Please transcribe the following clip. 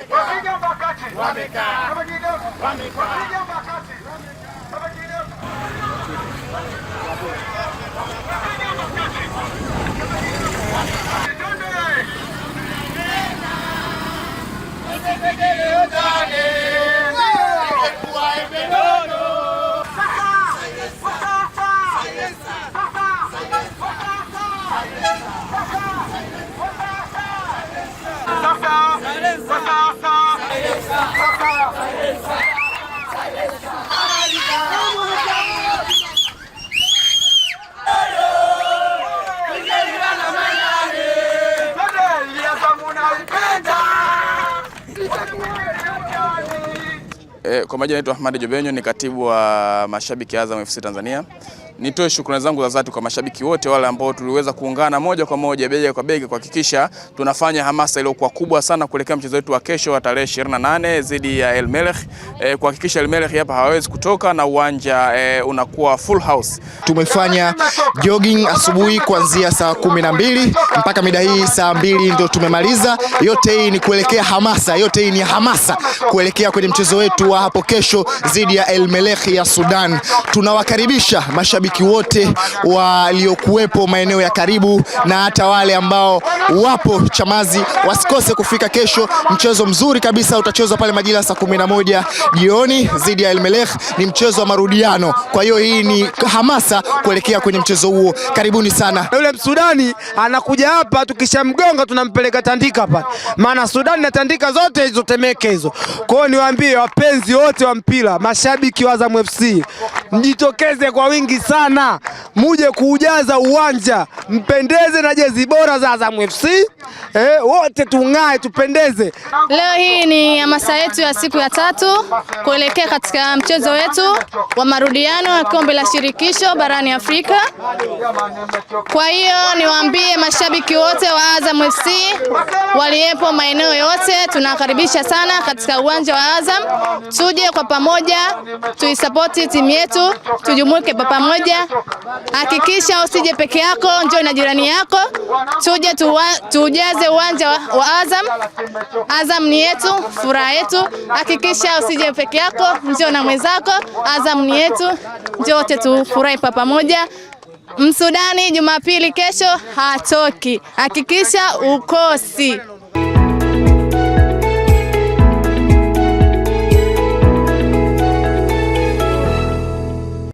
Wamekaa. Wamekaa. Wamekaa. Eh, kwa majina naitwa Ahmad Jobenyo, ni katibu wa mashabiki Azam FC Tanzania. Nitoe shukrani zangu za dhati kwa mashabiki wote wale ambao tuliweza kuungana moja kwa moja bega kwa bega kuhakikisha tunafanya hamasa iliyokuwa kubwa sana kuelekea mchezo wetu wa kesho wa tarehe 28 dhidi ya El Merreikh, e, eh, kuhakikisha El Merreikh hapa hawawezi kutoka na uwanja e, unakuwa full house. Tumefanya jogging asubuhi kuanzia saa kumi na mbili mpaka mida hii saa mbili ndio tumemaliza. Yote hii ni kuelekea hamasa, yote hii ni hamasa kuelekea kwenye mchezo wetu wa hapo kesho dhidi ya El Merreikh ya Sudan. Tunawakaribisha mashabiki mashabiki wote waliokuwepo maeneo ya karibu na hata wale ambao wapo Chamazi wasikose kufika kesho. Mchezo mzuri kabisa utachezwa pale majira saa kumi na moja jioni dhidi ya Elmelech. Ni mchezo wa marudiano, kwa hiyo hii ni hamasa kuelekea kwenye mchezo huo. Karibuni sana. Yule Msudani anakuja hapa, tukishamgonga tunampeleka Tandika pale, maana Sudani na Tandika zote hizo Temeke hizo. Kwa hiyo niwaambie wapenzi wote wa mpira, mashabiki wa Azam FC mjitokeze kwa wingi sana, muje kuujaza uwanja, mpendeze na jezi bora za Azam FC. Eh, wote tung'ae, tupendeze. Leo hii ni hamasa yetu ya siku ya tatu kuelekea katika mchezo wetu wa marudiano ya kombe la shirikisho barani Afrika. Kwa hiyo niwaambie mashabiki wote wa Azam FC waliepo maeneo yote, tunakaribisha sana katika uwanja wa Azam, tuje kwa pamoja tuisapoti timu yetu zetu, tujumuike kwa pamoja. Hakikisha usije peke yako, njoo na jirani yako, tuje tujaze uwanja wa, wa Azam. Azam ni yetu, furaha yetu. Hakikisha usije peke yako, njoo na mwenzako. Azam ni yetu, njoo wote tufurahi kwa pamoja. Msudani Jumapili kesho hatoki, hakikisha ukosi.